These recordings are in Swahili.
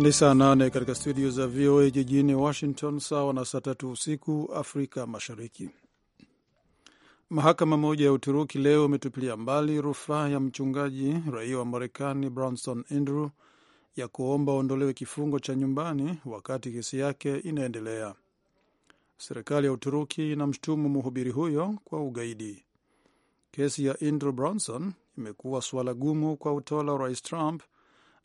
Ni saa nane katika studio za VOA jijini Washington, sawa na saa tatu usiku Afrika Mashariki. Mahakama moja ya Uturuki leo imetupilia mbali rufaa ya mchungaji raia wa Marekani bronson Andrew ya kuomba aondolewe kifungo cha nyumbani wakati kesi yake inaendelea. Serikali ya Uturuki inamshutumu mhubiri huyo kwa ugaidi. Kesi ya Andrew bronson imekuwa suala gumu kwa utawala wa Rais Trump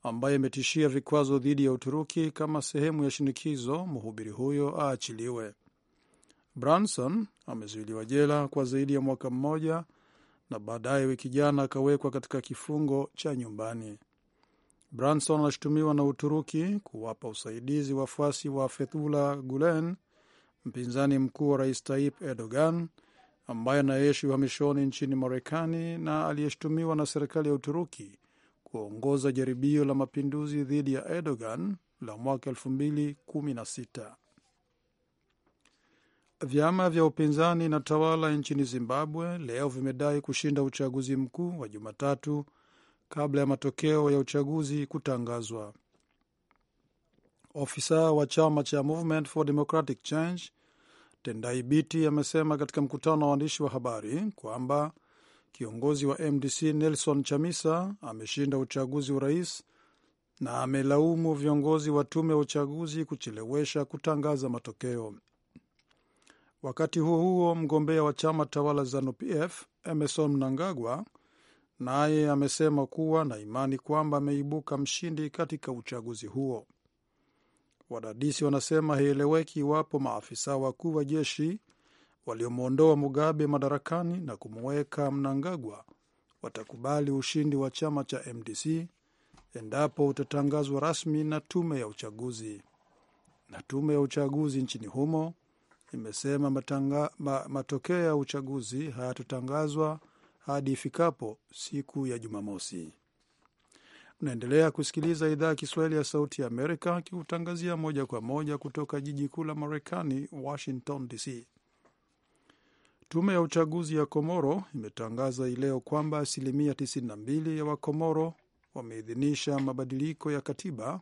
ambaye imetishia vikwazo dhidi ya Uturuki kama sehemu ya shinikizo mhubiri huyo aachiliwe. Branson amezuiliwa jela kwa zaidi ya mwaka mmoja na baadaye wiki jana akawekwa katika kifungo cha nyumbani. Branson anashutumiwa na Uturuki kuwapa usaidizi wafuasi wa Fethullah Gulen, mpinzani mkuu wa rais Tayyip Erdogan, ambaye anayeishi uhamishoni nchini Marekani na aliyeshutumiwa na serikali ya Uturuki kuongoza jaribio la mapinduzi dhidi ya Erdogan la mwaka 2016. Vyama vya upinzani na tawala nchini Zimbabwe leo vimedai kushinda uchaguzi mkuu wa Jumatatu kabla ya matokeo ya uchaguzi kutangazwa. Ofisa wa chama cha Movement for Democratic Change Tendai Biti amesema katika mkutano wa waandishi wa habari kwamba kiongozi wa MDC Nelson Chamisa ameshinda uchaguzi wa rais na amelaumu viongozi wa tume ya uchaguzi kuchelewesha kutangaza matokeo. Wakati huo huo, mgombea wa chama tawala ZANUPF Emerson Mnangagwa naye amesema kuwa na imani kwamba ameibuka mshindi katika uchaguzi huo. Wadadisi wanasema haieleweki iwapo maafisa wakuu wa jeshi waliomwondoa Mugabe madarakani na kumuweka Mnangagwa watakubali ushindi wa chama cha MDC endapo utatangazwa rasmi na tume ya uchaguzi. Na tume ya uchaguzi nchini humo imesema matanga, ma, matokeo ya uchaguzi hayatatangazwa hadi ifikapo siku ya Jumamosi. Mnaendelea kusikiliza idhaa ya Kiswahili ya Sauti ya Amerika, kikutangazia moja kwa moja kutoka jiji kuu la Marekani, Washington DC. Tume ya uchaguzi ya Komoro imetangaza ileo kwamba asilimia 92 ya Wakomoro wameidhinisha mabadiliko ya katiba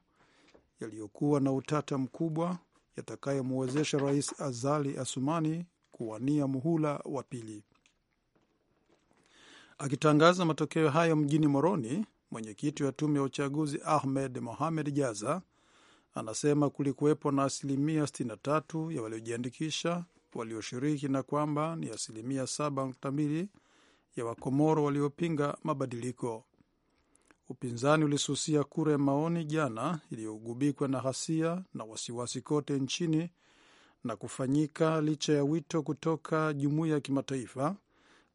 yaliyokuwa na utata mkubwa yatakayomwezesha Rais Azali Asumani kuwania muhula wa pili. Akitangaza matokeo hayo mjini Moroni, mwenyekiti wa tume ya uchaguzi Ahmed Mohamed Jaza anasema kulikuwepo na asilimia 63 ya waliojiandikisha walioshiriki na kwamba ni asilimia 7.2 ya Wakomoro waliopinga mabadiliko. Upinzani ulisusia kura ya maoni jana iliyogubikwa na ghasia na wasiwasi kote nchini na kufanyika licha ya wito kutoka jumuiya ya kimataifa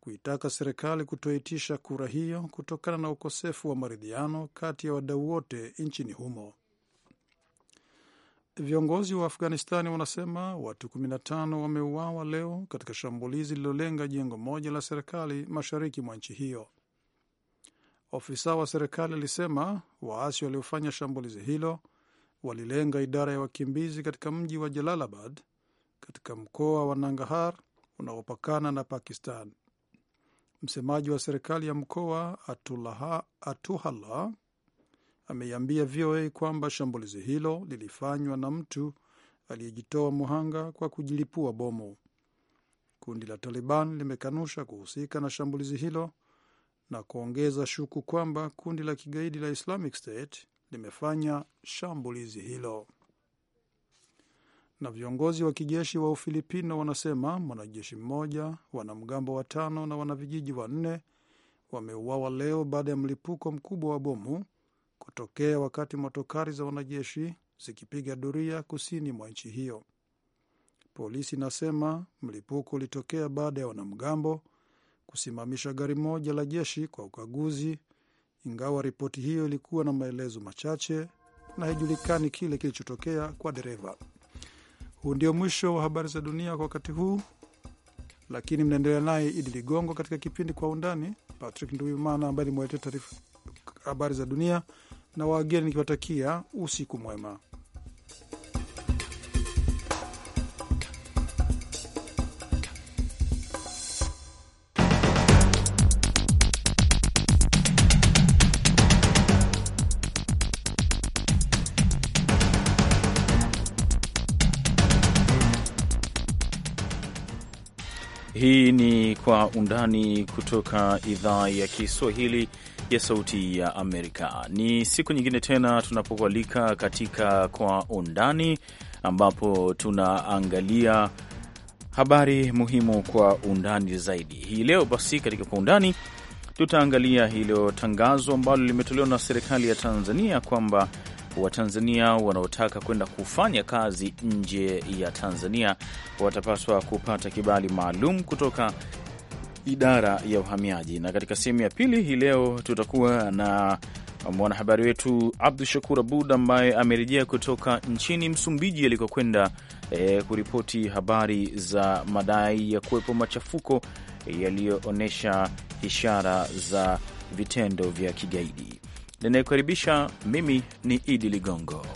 kuitaka serikali kutoitisha kura hiyo kutokana na ukosefu wa maridhiano kati ya wadau wote nchini humo. Viongozi wa Afghanistani wanasema watu 15 wameuawa leo katika shambulizi lililolenga jengo moja la serikali mashariki mwa nchi hiyo. Ofisa wa serikali alisema waasi waliofanya shambulizi hilo walilenga idara ya wakimbizi katika mji wa Jalalabad katika mkoa wa nangahar unaopakana na Pakistan. Msemaji wa serikali ya mkoa Atuhala ameiambia VOA kwamba shambulizi hilo lilifanywa na mtu aliyejitoa muhanga kwa kujilipua bomu. Kundi la Taliban limekanusha kuhusika na shambulizi hilo na kuongeza shuku kwamba kundi la kigaidi la Islamic State limefanya shambulizi hilo. Na viongozi wa kijeshi wa Ufilipino wanasema mwanajeshi mmoja, wanamgambo watano na wanavijiji wanne wameuawa leo baada ya mlipuko mkubwa wa bomu kutokea wakati motokari za wanajeshi zikipiga doria kusini mwa nchi hiyo. Polisi inasema mlipuko ulitokea baada ya wanamgambo kusimamisha gari moja la jeshi kwa ukaguzi, ingawa ripoti hiyo ilikuwa na maelezo machache na haijulikani kile kilichotokea kwa dereva. Huu ndio mwisho wa habari za dunia kwa wakati huu, lakini mnaendelea naye Idi Ligongo katika kipindi Kwa Undani. Patrick Nduimana ambaye nimewaletea taarifa habari za dunia na wageni nikiwatakia usiku mwema. Hii ni Kwa Undani kutoka idhaa ya Kiswahili ya Sauti ya Amerika. Ni siku nyingine tena tunapokualika katika Kwa Undani, ambapo tunaangalia habari muhimu kwa undani zaidi. Hii leo basi, katika Kwa Undani tutaangalia hilo tangazo ambalo limetolewa na serikali ya Tanzania kwamba Watanzania wanaotaka kwenda kufanya kazi nje ya Tanzania watapaswa kupata kibali maalum kutoka idara ya uhamiaji. Na katika sehemu ya pili hii leo tutakuwa na mwanahabari wetu Abdu Shakur Abud ambaye amerejea kutoka nchini Msumbiji alikokwenda e, kuripoti habari za madai ya kuwepo machafuko yaliyoonyesha ishara za vitendo vya kigaidi. Ninayekaribisha mimi ni Idi Ligongo.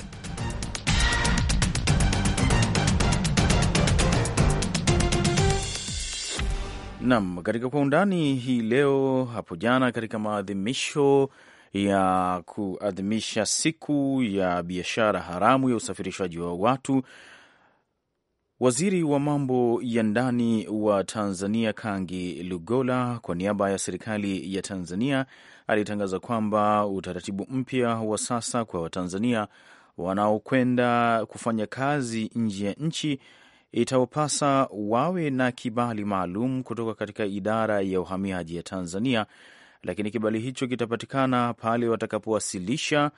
nam katika kwa undani hii leo, hapo jana katika maadhimisho ya kuadhimisha siku ya biashara haramu ya usafirishaji wa watu, waziri wa mambo ya ndani wa Tanzania Kangi Lugola kwa niaba ya serikali ya Tanzania alitangaza kwamba utaratibu mpya wa sasa kwa Watanzania wanaokwenda kufanya kazi nje ya nchi itawapasa wawe na kibali maalum kutoka katika idara ya uhamiaji ya Tanzania, lakini kibali hicho kitapatikana pale watakapowasilisha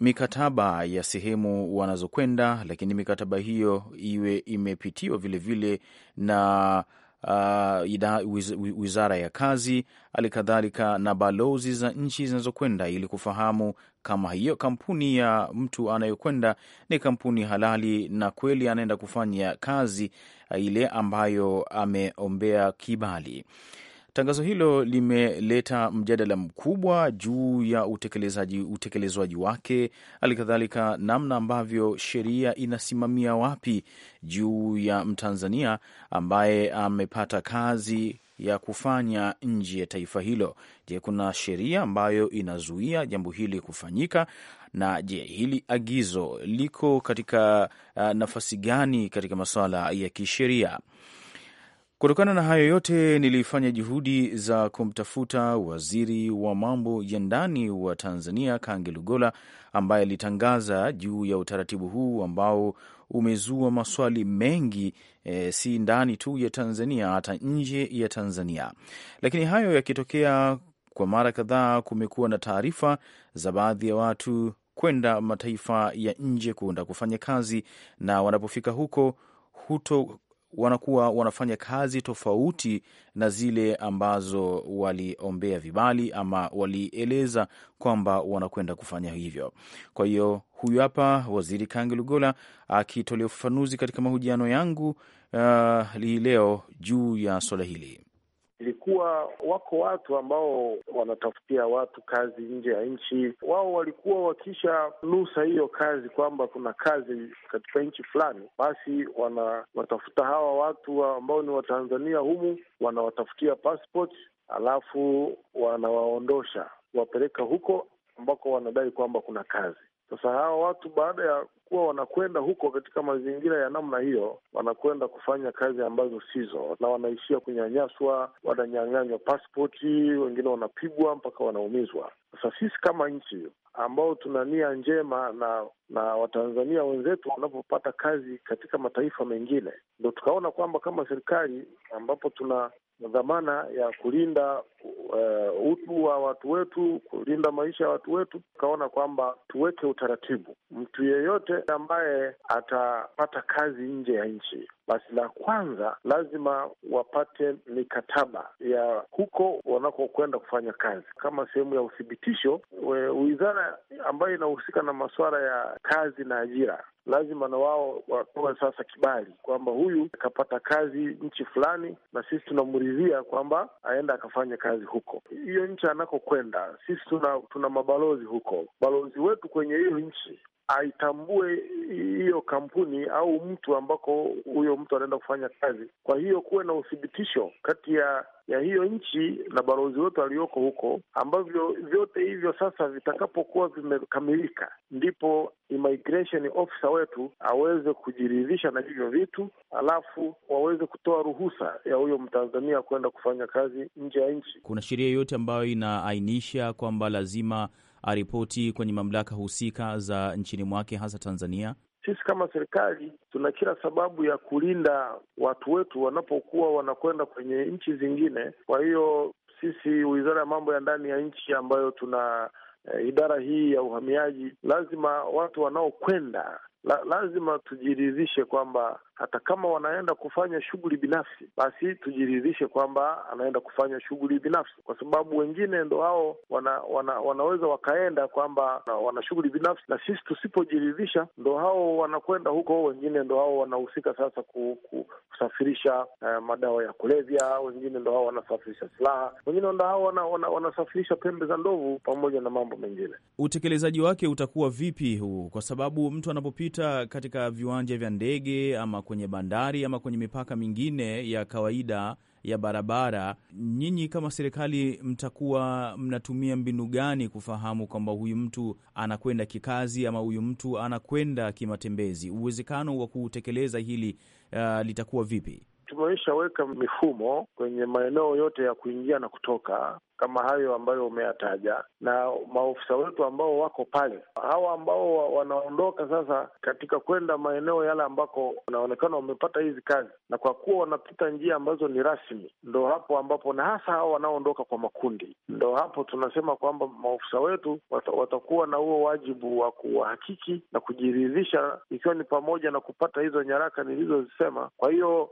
mikataba ya sehemu wanazokwenda, lakini mikataba hiyo iwe imepitiwa vilevile na uh, ida, wiz, wizara ya kazi, hali kadhalika na balozi za nchi zinazokwenda ili kufahamu kama hiyo kampuni ya mtu anayokwenda ni kampuni halali na kweli anaenda kufanya kazi uh, ile ambayo ameombea kibali. Tangazo hilo limeleta mjadala mkubwa juu ya utekelezaji, utekelezwaji wake, halikadhalika namna ambavyo sheria inasimamia wapi juu ya Mtanzania ambaye amepata kazi ya kufanya nje ya taifa hilo. Je, kuna sheria ambayo inazuia jambo hili kufanyika? Na je, hili agizo liko katika uh, nafasi gani katika masuala ya kisheria? Kutokana na hayo yote, nilifanya juhudi za kumtafuta waziri wa mambo ya ndani wa Tanzania Kange Lugola, ambaye alitangaza juu ya utaratibu huu ambao umezua maswali mengi e, si ndani tu ya Tanzania, hata nje ya Tanzania. Lakini hayo yakitokea kwa mara kadhaa, kumekuwa na taarifa za baadhi ya watu kwenda mataifa ya nje kuenda kufanya kazi, na wanapofika huko huto wanakuwa wanafanya kazi tofauti na zile ambazo waliombea vibali ama walieleza kwamba wanakwenda kufanya hivyo. Kwa hiyo huyu hapa Waziri Kangi Lugola akitolea ufafanuzi katika mahojiano yangu uh, hii leo juu ya swala hili kuwa wako watu ambao wanatafutia watu kazi nje ya nchi. Wao walikuwa wakisha nusa hiyo kazi kwamba kuna kazi katika nchi fulani, basi wanawatafuta hawa watu ambao ni Watanzania humu, wanawatafutia passport, alafu wanawaondosha kuwapeleka huko ambako wanadai kwamba kuna kazi. Sasa hawa watu baada ya kuwa wanakwenda huko katika mazingira ya namna hiyo, wanakwenda kufanya kazi ambazo sizo, na wanaishia kunyanyaswa, wananyang'anywa paspoti wengine wanapigwa mpaka wanaumizwa. Sasa sisi kama nchi ambao tuna nia njema na na Watanzania wenzetu wanapopata kazi katika mataifa mengine, ndo tukaona kwamba kama serikali ambapo tuna dhamana ya kulinda uh, utu wa watu wetu, kulinda maisha ya watu wetu, tukaona kwamba tuweke utaratibu, mtu yeyote ambaye atapata kazi nje ya nchi, basi la kwanza lazima wapate mikataba ya huko wanakokwenda kufanya kazi kama sehemu ya uthibitisho. Wizara ambayo inahusika na masuala ya kazi na ajira lazima na wao watoe sasa kibali kwamba huyu akapata kazi nchi fulani, na sisi tunamridhia kwamba aenda akafanya kazi huko hiyo nchi anakokwenda. Sisi tuna, tuna mabalozi huko. Balozi wetu kwenye hiyo nchi aitambue hiyo kampuni au mtu ambako huyo mtu anaenda kufanya kazi. Kwa hiyo kuwe na uthibitisho kati ya ya hiyo nchi na balozi wetu aliyoko huko, ambavyo vyote hivyo sasa vitakapokuwa vimekamilika, ndipo immigration officer wetu aweze kujiridhisha na hivyo vitu, alafu waweze kutoa ruhusa ya huyo Mtanzania kwenda kufanya kazi nje ya nchi. Kuna sheria yoyote ambayo inaainisha kwamba lazima aripoti kwenye mamlaka husika za nchini mwake hasa Tanzania? Sisi kama serikali tuna kila sababu ya kulinda watu wetu wanapokuwa wanakwenda kwenye nchi zingine. Kwa hiyo sisi, wizara ya mambo ya ndani ya nchi ambayo tuna eh, idara hii ya uhamiaji, lazima watu wanaokwenda la, lazima tujiridhishe kwamba hata kama wanaenda kufanya shughuli binafsi, basi tujiridhishe kwamba anaenda kufanya shughuli binafsi, kwa sababu wengine ndo hao wana, wana, wanaweza wakaenda kwamba wana shughuli binafsi, na sisi tusipojiridhisha ndo hao wanakwenda huko, wengine ndo hao wanahusika sasa ku, ku, kusafirisha eh, madawa ya kulevya, wengine ndo hao wanasafirisha silaha, wengine ndo hao wanasafirisha wana, wanasafirisha pembe za ndovu pamoja na mambo mengine. Utekelezaji wake utakuwa vipi huu? Kwa sababu mtu anapopita katika viwanja vya ndege ama kwenye bandari ama kwenye mipaka mingine ya kawaida ya barabara, nyinyi kama serikali mtakuwa mnatumia mbinu gani kufahamu kwamba huyu mtu anakwenda kikazi ama huyu mtu anakwenda kimatembezi? Uwezekano wa kutekeleza hili uh, litakuwa vipi? tumeshaweka mifumo kwenye maeneo yote ya kuingia na kutoka kama hayo ambayo umeyataja, na maofisa wetu ambao wako pale, hawa ambao wanaondoka sasa katika kwenda maeneo yale ambako wanaonekana wamepata hizi kazi, na kwa kuwa wanapita njia ambazo ni rasmi, ndo hapo ambapo na hasa hawa wanaoondoka kwa makundi, ndo hapo tunasema kwamba maofisa wetu watakuwa na huo wajibu wa kuwahakiki na kujiridhisha, ikiwa ni pamoja na kupata hizo nyaraka nilizozisema. Kwa hiyo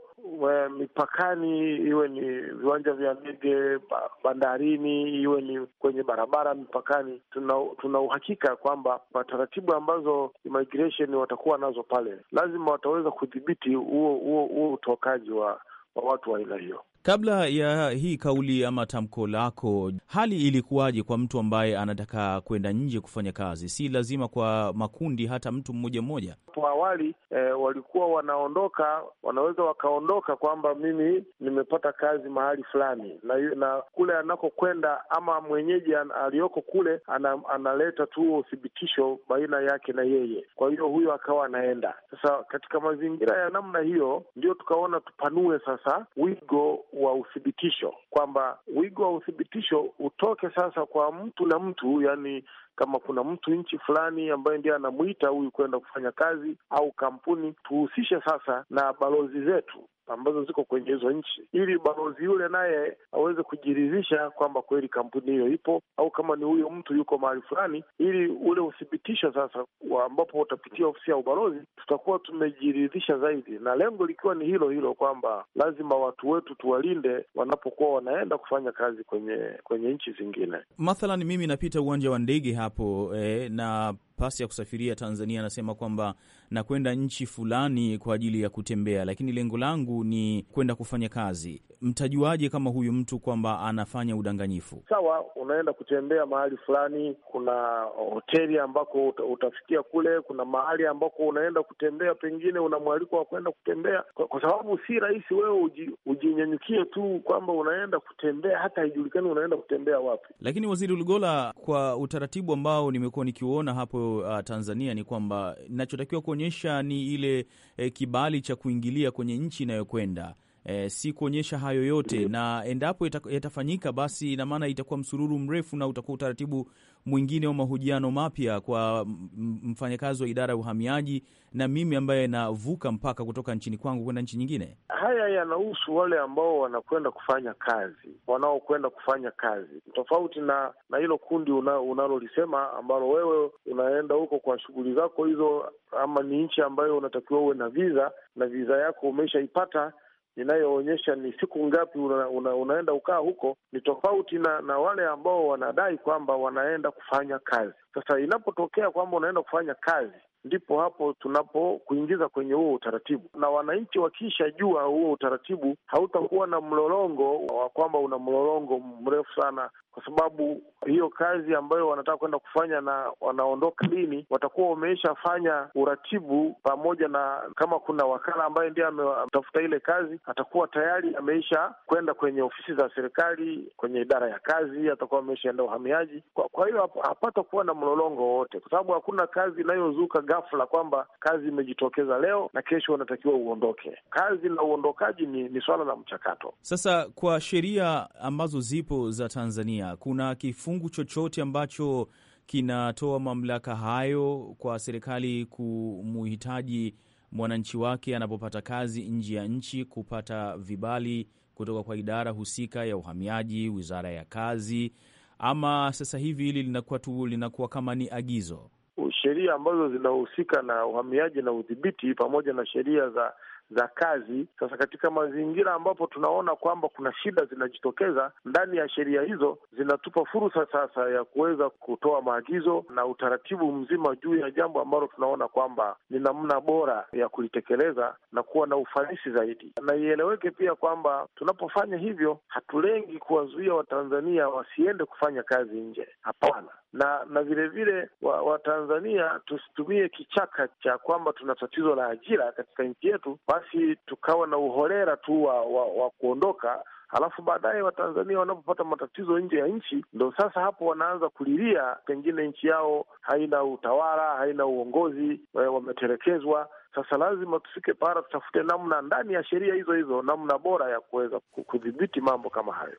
mipakani, iwe ni viwanja vya ndege, bandarini, iwe ni kwenye barabara mipakani, tuna, tuna uhakika kwamba kwa taratibu ambazo immigration watakuwa nazo pale, lazima wataweza kudhibiti huo huo utokaji wa, wa watu wa aina hiyo. Kabla ya hii kauli ama tamko lako, hali ilikuwaje kwa mtu ambaye anataka kwenda nje kufanya kazi? Si lazima kwa makundi, hata mtu mmoja mmoja. Hapo awali e, walikuwa wanaondoka, wanaweza wakaondoka kwamba mimi nimepata kazi mahali fulani, na, na kule anakokwenda ama mwenyeji aliyoko kule ana, analeta tu uthibitisho baina yake na yeye, kwa hiyo huyo akawa anaenda. Sasa katika mazingira ya namna hiyo, ndio tukaona tupanue sasa wigo wa uthibitisho kwamba wigo wa uthibitisho utoke sasa kwa mtu na mtu, yani kama kuna mtu nchi fulani ambaye ndiye anamwita huyu kwenda kufanya kazi au kampuni, tuhusishe sasa na balozi zetu ambazo ziko kwenye hizo nchi, ili balozi yule naye aweze kujiridhisha kwamba kweli kampuni hiyo ipo, au kama ni huyo mtu yuko mahali fulani, ili ule uthibitisho sasa, ambapo utapitia ofisi ya ubalozi, tutakuwa tumejiridhisha zaidi, na lengo likiwa ni hilo hilo kwamba lazima watu wetu tuwalinde wanapokuwa wanaenda kufanya kazi kwenye kwenye nchi zingine. Mathalan, mimi napita uwanja wa ndege hapo eh, na pasi ya kusafiria Tanzania, anasema kwamba nakwenda nchi fulani kwa ajili ya kutembea, lakini lengo langu ni kwenda kufanya kazi. Mtajuaje kama huyu mtu kwamba anafanya udanganyifu? Sawa, unaenda kutembea mahali fulani, kuna hoteli ambako utafikia kule, kuna mahali ambako unaenda kutembea, pengine una mwaliko wa kwenda kutembea, kwa, kwa sababu si rahisi wewe ujinyanyukie tu kwamba unaenda kutembea, hata haijulikani unaenda kutembea wapi. Lakini Waziri Lugola, kwa utaratibu ambao nimekuwa nikiuona hapo uh, Tanzania ni kwamba inachotakiwa kuonyesha ni ile eh, kibali cha kuingilia kwenye nchi inayokwenda e, si kuonyesha hayo yote, na endapo yatafanyika, basi ina maana itakuwa msururu mrefu na utakuwa utaratibu mwingine wa mahojiano mapya kwa mfanyakazi wa idara ya uhamiaji na mimi ambaye navuka mpaka kutoka nchini kwangu kwenda nchi nyingine. Haya yanahusu wale ambao wanakwenda kufanya kazi, wanaokwenda kufanya kazi, tofauti na na hilo kundi unalolisema ambalo wewe unaenda huko kwa shughuli zako hizo, ama ni nchi ambayo unatakiwa uwe na viza na viza yako umeshaipata inayoonyesha ni siku ngapi una, una, unaenda ukaa huko, ni tofauti na, na wale ambao wanadai kwamba wanaenda kufanya kazi. Sasa inapotokea kwamba unaenda kufanya kazi ndipo hapo tunapokuingiza kwenye huo utaratibu, na wananchi wakishajua huo utaratibu, hautakuwa na mlolongo wa kwamba una mlolongo mrefu sana, kwa sababu hiyo kazi ambayo wanataka kwenda kufanya na wanaondoka lini, watakuwa wameishafanya uratibu pamoja na kama kuna wakala ambaye ndiye ametafuta ile kazi, atakuwa tayari ameisha kwenda kwenye ofisi za serikali, kwenye idara ya kazi, atakuwa ameishaenda uhamiaji. Kwa hiyo hapata kuwa na mlolongo wowote, kwa sababu hakuna kazi inayozuka ghafla kwamba kazi imejitokeza leo na kesho unatakiwa uondoke. Kazi la uondokaji ni, ni swala la mchakato. Sasa kwa sheria ambazo zipo za Tanzania, kuna kifungu chochote ambacho kinatoa mamlaka hayo kwa serikali kumuhitaji mwananchi wake anapopata kazi nje ya nchi kupata vibali kutoka kwa idara husika ya uhamiaji, wizara ya kazi, ama sasa hivi hili linakuwa tu linakuwa kama ni agizo? sheria ambazo zinahusika na uhamiaji na udhibiti pamoja na sheria za za kazi. Sasa katika mazingira ambapo tunaona kwamba kuna shida zinajitokeza ndani ya sheria hizo, zinatupa fursa sasa ya kuweza kutoa maagizo na utaratibu mzima juu ya jambo ambalo tunaona kwamba ni namna bora ya kulitekeleza na kuwa na ufanisi zaidi. Na ieleweke pia kwamba tunapofanya hivyo, hatulengi kuwazuia Watanzania wasiende kufanya kazi nje, hapana na na vilevile Watanzania wa tusitumie kichaka cha kwamba tuna tatizo la ajira katika nchi yetu, basi tukawa na uholera tu wa, wa, wa kuondoka halafu baadaye Watanzania wanapopata matatizo nje ya nchi, ndo sasa hapo wanaanza kulilia, pengine nchi yao haina utawala, haina uongozi, wametelekezwa. Sasa lazima tufike pahala tutafute namna ndani ya sheria hizo hizo, namna bora ya kuweza kudhibiti mambo kama hayo.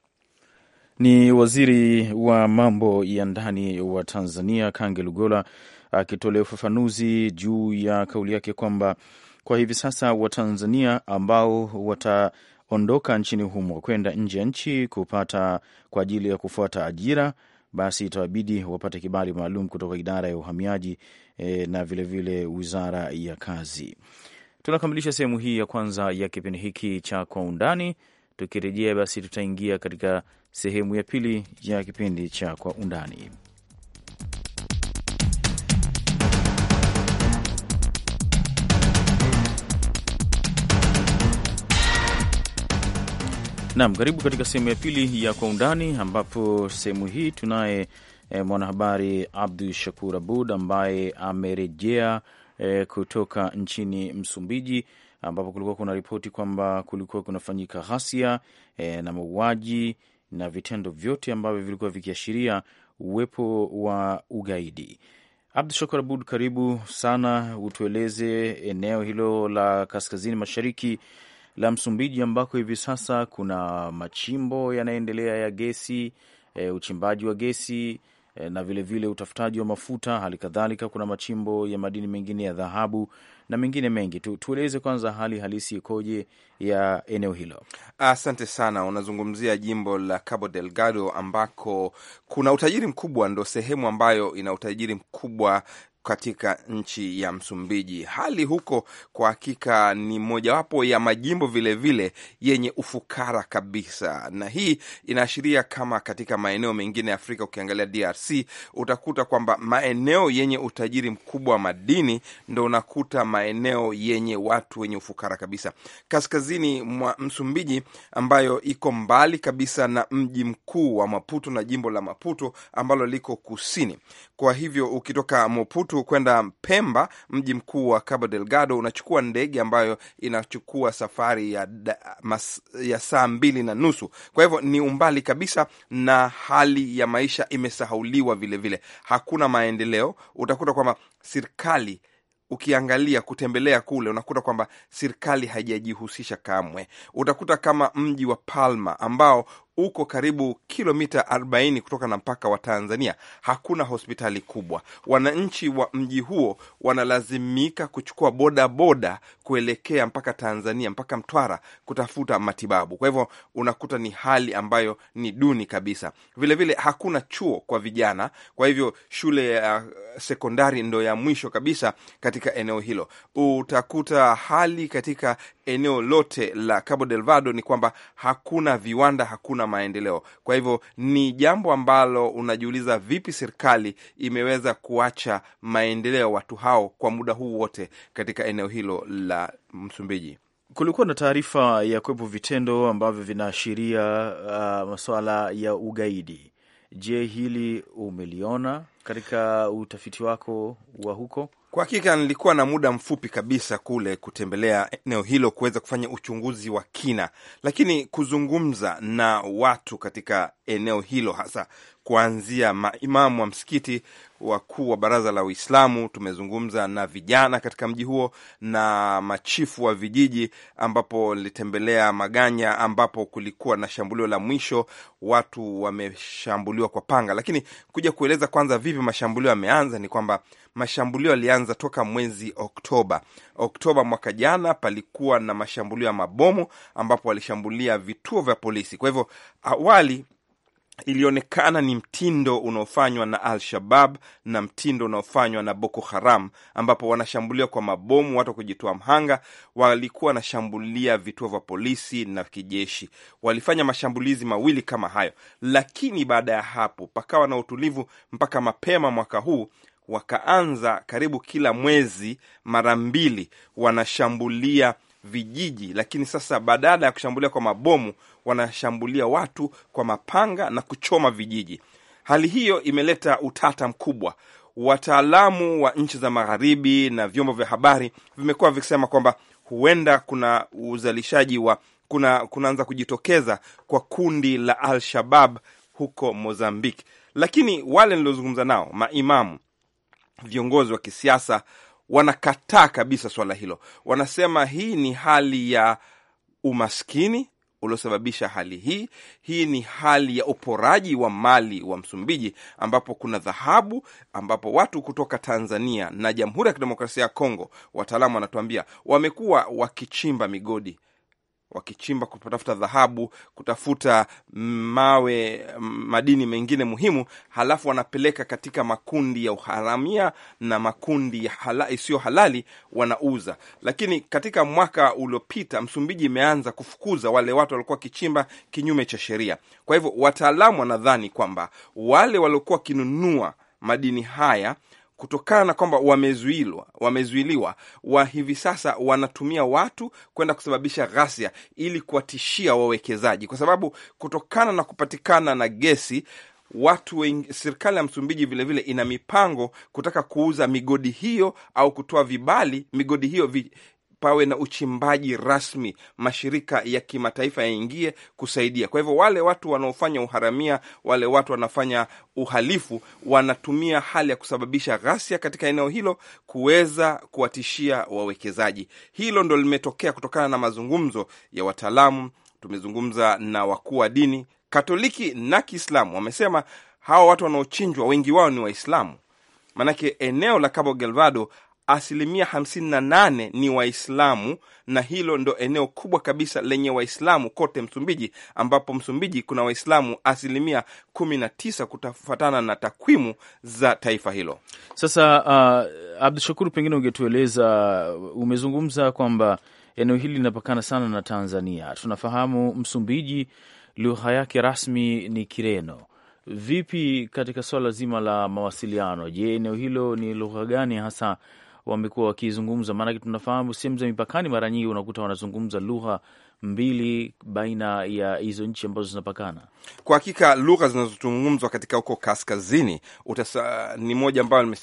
Ni waziri wa mambo ya ndani wa Tanzania Kange Lugola akitolea ufafanuzi juu ya kauli yake kwamba kwa hivi sasa Watanzania ambao wataondoka nchini humo kwenda nje ya nchi kupata kwa ajili ya kufuata ajira basi itawabidi wapate kibali maalum kutoka idara ya uhamiaji e, na vilevile wizara ya kazi. Tunakamilisha sehemu hii ya kwanza ya kipindi hiki cha Kwa Undani. Tukirejea basi, tutaingia katika sehemu ya pili ya kipindi cha Kwa Undani. Naam, karibu katika sehemu ya pili ya Kwa Undani, ambapo sehemu hii tunaye e, mwanahabari Abdu Shakur Abud ambaye amerejea e, kutoka nchini Msumbiji ambapo kulikuwa kuna ripoti kwamba kulikuwa kunafanyika ghasia e, na mauaji na vitendo vyote ambavyo vilikuwa vikiashiria uwepo wa ugaidi. Abdu Shakur Abud, karibu sana, utueleze eneo hilo la kaskazini mashariki la Msumbiji ambako hivi sasa kuna machimbo yanaendelea ya gesi, e, uchimbaji wa gesi Eh, na vilevile vile utafutaji wa mafuta, hali kadhalika kuna machimbo ya madini mengine ya dhahabu na mengine mengi tu. Tueleze kwanza hali halisi ikoje ya eneo hilo. Asante sana. Unazungumzia jimbo la Cabo Delgado ambako kuna utajiri mkubwa, ndo sehemu ambayo ina utajiri mkubwa katika nchi ya Msumbiji. Hali huko kwa hakika ni mojawapo ya majimbo vilevile vile yenye ufukara kabisa, na hii inaashiria kama katika maeneo mengine ya Afrika, ukiangalia DRC utakuta kwamba maeneo yenye utajiri mkubwa wa madini ndo unakuta maeneo yenye watu wenye ufukara kabisa. Kaskazini mwa Msumbiji ambayo iko mbali kabisa na mji mkuu wa Maputo na jimbo la Maputo ambalo liko kusini. Kwa hivyo ukitoka Maputo tu kwenda Pemba, mji mkuu wa Cabo Delgado, unachukua ndege ambayo inachukua safari ya, ya saa mbili na nusu. Kwa hivyo ni umbali kabisa, na hali ya maisha imesahauliwa vilevile vile. Hakuna maendeleo. Utakuta kwamba serikali ukiangalia kutembelea kule unakuta kwamba serikali haijajihusisha kamwe. Utakuta kama mji wa Palma ambao uko karibu kilomita 40 kutoka na mpaka wa Tanzania. Hakuna hospitali kubwa. Wananchi wa mji huo wanalazimika kuchukua bodaboda boda kuelekea mpaka Tanzania, mpaka Mtwara kutafuta matibabu. Kwa hivyo unakuta ni hali ambayo ni duni kabisa. Vilevile vile, hakuna chuo kwa vijana, kwa hivyo shule ya uh, sekondari ndo ya mwisho kabisa katika eneo hilo. Utakuta hali katika eneo lote la Cabo Delgado ni kwamba hakuna viwanda, hakuna maendeleo. Kwa hivyo ni jambo ambalo unajiuliza, vipi serikali imeweza kuacha maendeleo watu hao kwa muda huu wote katika eneo hilo la Msumbiji? Kulikuwa na taarifa ya kuwepo vitendo ambavyo vinaashiria uh, masuala ya ugaidi. Je, hili umeliona katika utafiti wako wa huko? Kwa hakika nilikuwa na muda mfupi kabisa kule kutembelea eneo hilo kuweza kufanya uchunguzi wa kina, lakini kuzungumza na watu katika eneo hilo, hasa kuanzia maimamu wa msikiti, wakuu wa baraza la Uislamu. Tumezungumza na vijana katika mji huo na machifu wa vijiji, ambapo nilitembelea Maganya ambapo kulikuwa na shambulio la mwisho, watu wameshambuliwa kwa panga. Lakini kuja kueleza kwanza vipi mashambulio yameanza, ni kwamba mashambulio yalianza toka mwezi Oktoba. Oktoba mwaka jana palikuwa na mashambulio ya mabomu, ambapo walishambulia vituo vya polisi. Kwa hivyo awali ilionekana ni mtindo unaofanywa na Al-Shabab na mtindo unaofanywa na Boko Haram, ambapo wanashambulia kwa mabomu watu wa kujitoa mhanga. Walikuwa wanashambulia vituo vya polisi na kijeshi, walifanya mashambulizi mawili kama hayo, lakini baada ya hapo pakawa na utulivu mpaka mapema mwaka huu wakaanza karibu kila mwezi mara mbili wanashambulia vijiji, lakini sasa badala ya kushambulia kwa mabomu wanashambulia watu kwa mapanga na kuchoma vijiji. Hali hiyo imeleta utata mkubwa. Wataalamu wa nchi za magharibi na vyombo vya habari vimekuwa vikisema kwamba huenda kuna uzalishaji wa kuna kunaanza kujitokeza kwa kundi la Al-Shabab huko Mozambique, lakini wale niliozungumza nao maimamu, viongozi wa kisiasa wanakataa kabisa swala hilo. Wanasema hii ni hali ya umaskini uliosababisha hali hii. Hii ni hali ya uporaji wa mali wa Msumbiji, ambapo kuna dhahabu, ambapo watu kutoka Tanzania na Jamhuri ya Kidemokrasia ya Kongo, wataalamu wanatuambia, wamekuwa wakichimba migodi wakichimba kutafuta dhahabu, kutafuta mawe, madini mengine muhimu, halafu wanapeleka katika makundi ya uharamia na makundi hala, isiyo halali wanauza. Lakini katika mwaka uliopita Msumbiji imeanza kufukuza wale watu waliokuwa wakichimba kinyume cha sheria. Kwa hivyo wataalamu wanadhani kwamba wale waliokuwa wakinunua madini haya kutokana na kwamba wamezuilwa, wamezuiliwa wa hivi sasa wanatumia watu kwenda kusababisha ghasia ili kuwatishia wawekezaji, kwa sababu kutokana na kupatikana na gesi watu wengi, serikali ya Msumbiji vilevile vile ina mipango kutaka kuuza migodi hiyo au kutoa vibali migodi hiyo vi, pawe na uchimbaji rasmi, mashirika ya kimataifa yaingie kusaidia. Kwa hivyo wale watu wanaofanya uharamia, wale watu wanafanya uhalifu, wanatumia hali ya kusababisha ghasia katika eneo hilo kuweza kuwatishia wawekezaji. Hilo ndo limetokea kutokana na mazungumzo ya wataalamu. Tumezungumza na wakuu wa dini Katoliki na Kiislamu, wamesema hawa watu wanaochinjwa wengi wao ni Waislamu. Maanake eneo la Cabo Delgado asilimia 58 ni Waislamu, na hilo ndo eneo kubwa kabisa lenye Waislamu kote Msumbiji, ambapo Msumbiji kuna Waislamu asilimia 19 kutafatana na takwimu za taifa hilo. Sasa uh, Abdu Shakuru, pengine ungetueleza, uh, umezungumza kwamba eneo hili linapakana sana na Tanzania. Tunafahamu Msumbiji lugha yake rasmi ni Kireno. Vipi katika swala zima la mawasiliano? Je, eneo hilo ni lugha gani hasa wamekuwa wakizungumza? Maanake tunafahamu sehemu za mipakani, mara nyingi unakuta wanazungumza lugha mbili baina ya hizo nchi ambazo zinapakana. Kwa hakika lugha zinazozungumzwa katika huko kaskazini utasa, ni moja ambayo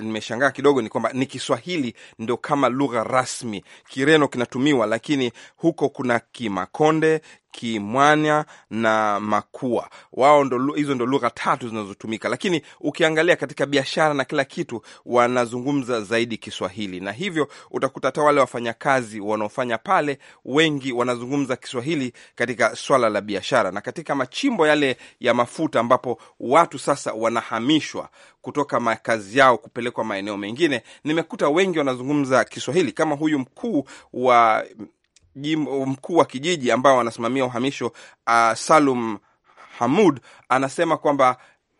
nimeshangaa kidogo, ni kwamba ni Kiswahili ndo kama lugha rasmi. Kireno kinatumiwa, lakini huko kuna Kimakonde, Kimwanya na Makua. Wao ndo hizo ndo lugha tatu zinazotumika, lakini ukiangalia katika biashara na kila kitu wanazungumza zaidi Kiswahili, na hivyo utakuta hata wale wafanyakazi wanaofanya pale wengi wana wanazungumza Kiswahili katika swala la biashara, na katika machimbo yale ya mafuta ambapo watu sasa wanahamishwa kutoka makazi yao kupelekwa maeneo mengine, nimekuta wengi wanazungumza Kiswahili kama huyu mkuu wa mkuu wa kijiji ambao wanasimamia uhamisho uh, Salum Hamud anasema kwamba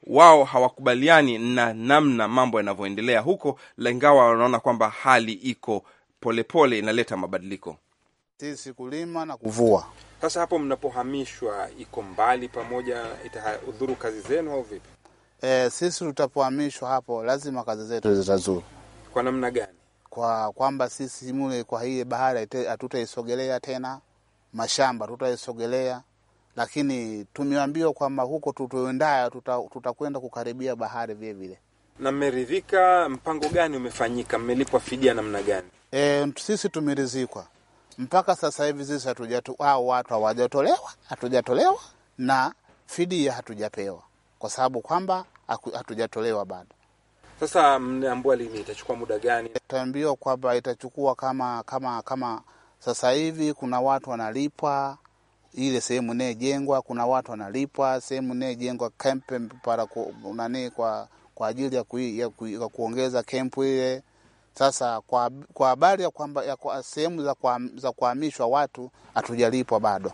wao hawakubaliani na namna mambo yanavyoendelea huko, ingawa wanaona kwamba hali iko polepole inaleta mabadiliko tisi kulima na kuvua. Sasa hapo mnapohamishwa iko mbali pamoja, itahudhuru kazi zenu au vipi? E, sisi tutapohamishwa hapo lazima kazi zetu zitazuru. Kwa namna gani? Kwa kwamba sisi mule kwa hii bahari hatutaisogelea tena, mashamba tutaisogelea, lakini tumeambiwa kwamba huko tutuendaya tutakwenda tuta kukaribia bahari vilevile. Na mmeridhika? Mpango gani umefanyika? Mmelipwa fidia namna gani? E, sisi tumeridhikwa mpaka sasa hivi sisi hatujatu watu hawajatolewa, hatujatolewa na fidia hatujapewa kwa sababu kwamba hatujatolewa bado. Sasa mnaambiwa lini, itachukua muda gani? Tutaambiwa kwamba itachukua kama kama kama sasa hivi kuna watu wanalipwa ile sehemu inayojengwa, kuna watu wanalipwa sehemu inayojengwa kempe para nani kwa, kwa ajili ya, ya, ya kuongeza kempu ile sasa kwa, habari ya kwamba ya kwa sehemu za kuhamishwa za watu hatujalipwa bado.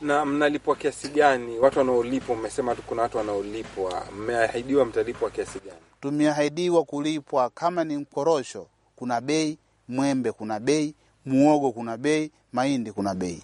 Na mnalipwa kiasi gani? Watu wanaolipwa, mmesema kuna watu wanaolipwa, mmeahidiwa mtalipwa kiasi gani? Tumeahidiwa kulipwa kama ni mkorosho kuna bei, mwembe kuna bei, muogo kuna bei, mahindi kuna bei.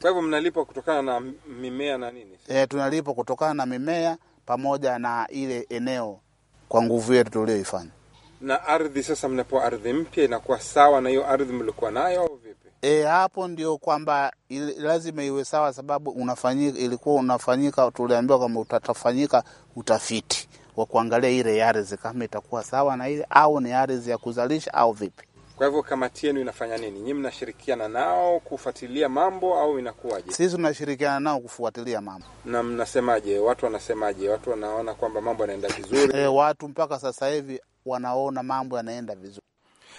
Kwa hivyo mnalipwa kutokana na mimea na nini? E, tunalipwa kutokana na mimea pamoja na ile eneo kwa nguvu yetu tulioifanya na ardhi sasa, mnapo ardhi mpya inakuwa sawa na hiyo ardhi mlikuwa nayo au vipi? E, hapo ndio kwamba lazima iwe sawa, sababu unafanyika, ilikuwa unafanyika, tuliambiwa kwamba utatafanyika utafiti wa kuangalia ile ardhi kama itakuwa sawa na ile au ni ardhi ya kuzalisha au vipi. Kwa hivyo kamati yenu inafanya nini? Nyinyi mnashirikiana nao kufuatilia mambo au inakuwaje? Sisi tunashirikiana nao kufuatilia mambo. Na mnasemaje? Watu wanasemaje? Watu wanaona kwamba mambo yanaenda vizuri? E, watu mpaka sasa hivi wanaona mambo yanaenda vizuri.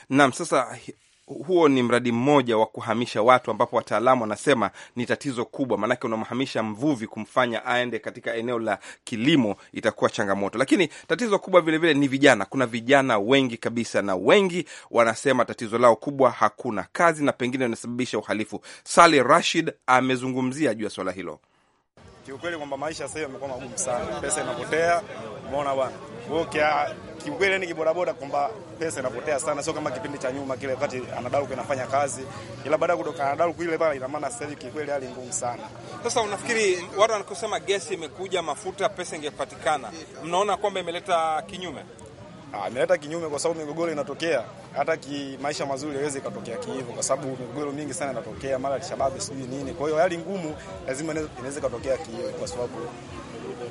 Naam, sasa huo ni mradi mmoja wa kuhamisha watu ambapo wataalamu wanasema ni tatizo kubwa, maanake unamhamisha mvuvi kumfanya aende katika eneo la kilimo, itakuwa changamoto. Lakini tatizo kubwa vilevile vile ni vijana. Kuna vijana wengi kabisa, na wengi wanasema tatizo lao kubwa, hakuna kazi na pengine inasababisha uhalifu. Sali Rashid amezungumzia juu ya swala hilo. Kiukweli kwamba maisha sasa hivi yamekuwa magumu sana, pesa inapotea, umeona bwana kiukweli, ni kibodaboda kwamba pesa inapotea sana, sio kama kipindi cha nyuma kile wakati anadalu inafanya kazi, ila baada ya kutoka anadalu ile pale, ina maana sasa hivi kiukweli hali ngumu sana. Sasa unafikiri watu wanakusema gesi imekuja, mafuta, pesa ingepatikana, mnaona kwamba imeleta kinyume ameleta ah, kinyume, kwa sababu migogoro inatokea hata ki maisha mazuri yaweze ikatokea kihivyo, kwa sababu migogoro mingi sana inatokea, mara shababu sijui nini. Kwa hiyo hali ngumu lazima inaweza ikatokea kihivyo, kwa sababu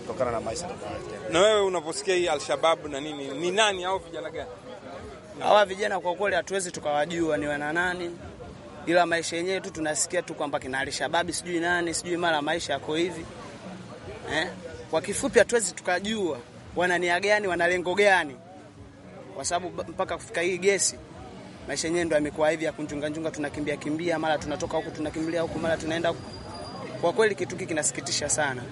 kutokana na maisha. Na wewe unaposikia hii Alshabab na nini, ni nani au vijana gani hawa? Vijana kwa kweli hatuwezi tukawajua ni wana nani, ila maisha yenyewe tu tunasikia tu kwamba kina Alshabab sijui nani sijui, mara maisha yako hivi eh. Kwa kifupi hatuwezi tukajua wana nia gani, wana lengo gani kwa sababu mpaka kufika hii gesi maisha yenyewe ndo yamekuwa hivi ya kunjunga njunga, tunakimbia kimbia, mara tunatoka huku tunakimbilia huku, mara tunaenda huku. Kwa kweli kitu hiki kinasikitisha sana.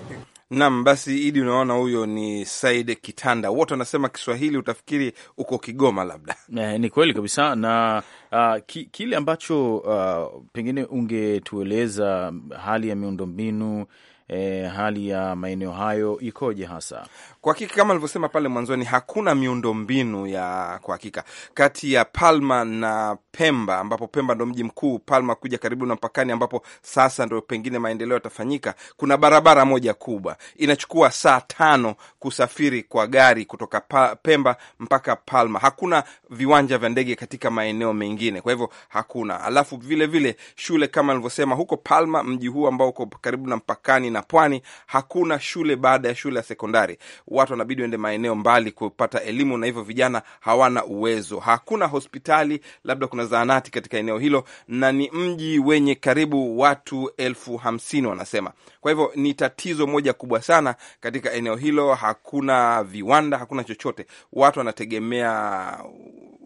Nam, basi Idi, unaona huyo ni Said Kitanda. Wote wanasema Kiswahili utafikiri uko Kigoma labda. Ne, eh, ni kweli kabisa na uh, ki, kile ambacho uh, pengine ungetueleza hali ya miundombinu eh, hali ya maeneo hayo ikoje hasa? Kwa hakika kama alivyosema pale mwanzoni, hakuna miundombinu ya kwa hakika kati ya Palma na Pemba, ambapo Pemba ndo mji mkuu, Palma kuja karibu na mpakani, ambapo sasa ndo pengine maendeleo yatafanyika. Kuna barabara moja kubwa, inachukua saa tano kusafiri kwa gari kutoka pa, Pemba mpaka Palma. Hakuna viwanja vya ndege katika maeneo mengine, kwa hivyo hakuna. Alafu vilevile vile shule kama alivyosema, huko Palma, mji huu ambao uko karibu na mpakani na pwani, hakuna shule baada ya shule ya sekondari watu wanabidi waende maeneo mbali kupata elimu, na hivyo vijana hawana uwezo. Hakuna hospitali, labda kuna zahanati katika eneo hilo, na ni mji wenye karibu watu elfu hamsini wanasema. Kwa hivyo ni tatizo moja kubwa sana katika eneo hilo. Hakuna viwanda, hakuna chochote, watu wanategemea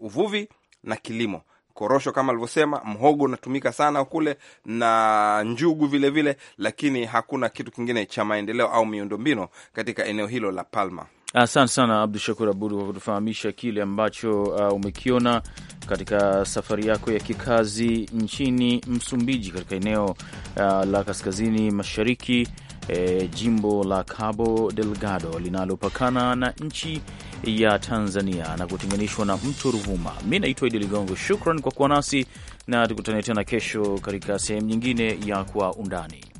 uvuvi na kilimo korosho kama alivyosema, mhogo unatumika sana kule na njugu vilevile vile, lakini hakuna kitu kingine cha maendeleo au miundombinu katika eneo hilo la Palma. Asante sana Abdu Shakur Abud kwa kutufahamisha kile ambacho uh, umekiona katika safari yako ya kikazi nchini Msumbiji, katika eneo uh, la kaskazini mashariki eh, jimbo la Cabo Delgado linalopakana na nchi ya Tanzania na kutenganishwa na mto Ruvuma. Mi naitwa Idi Ligongo, shukran kwa kuwa nasi na tukutane tena kesho katika sehemu nyingine ya Kwa Undani.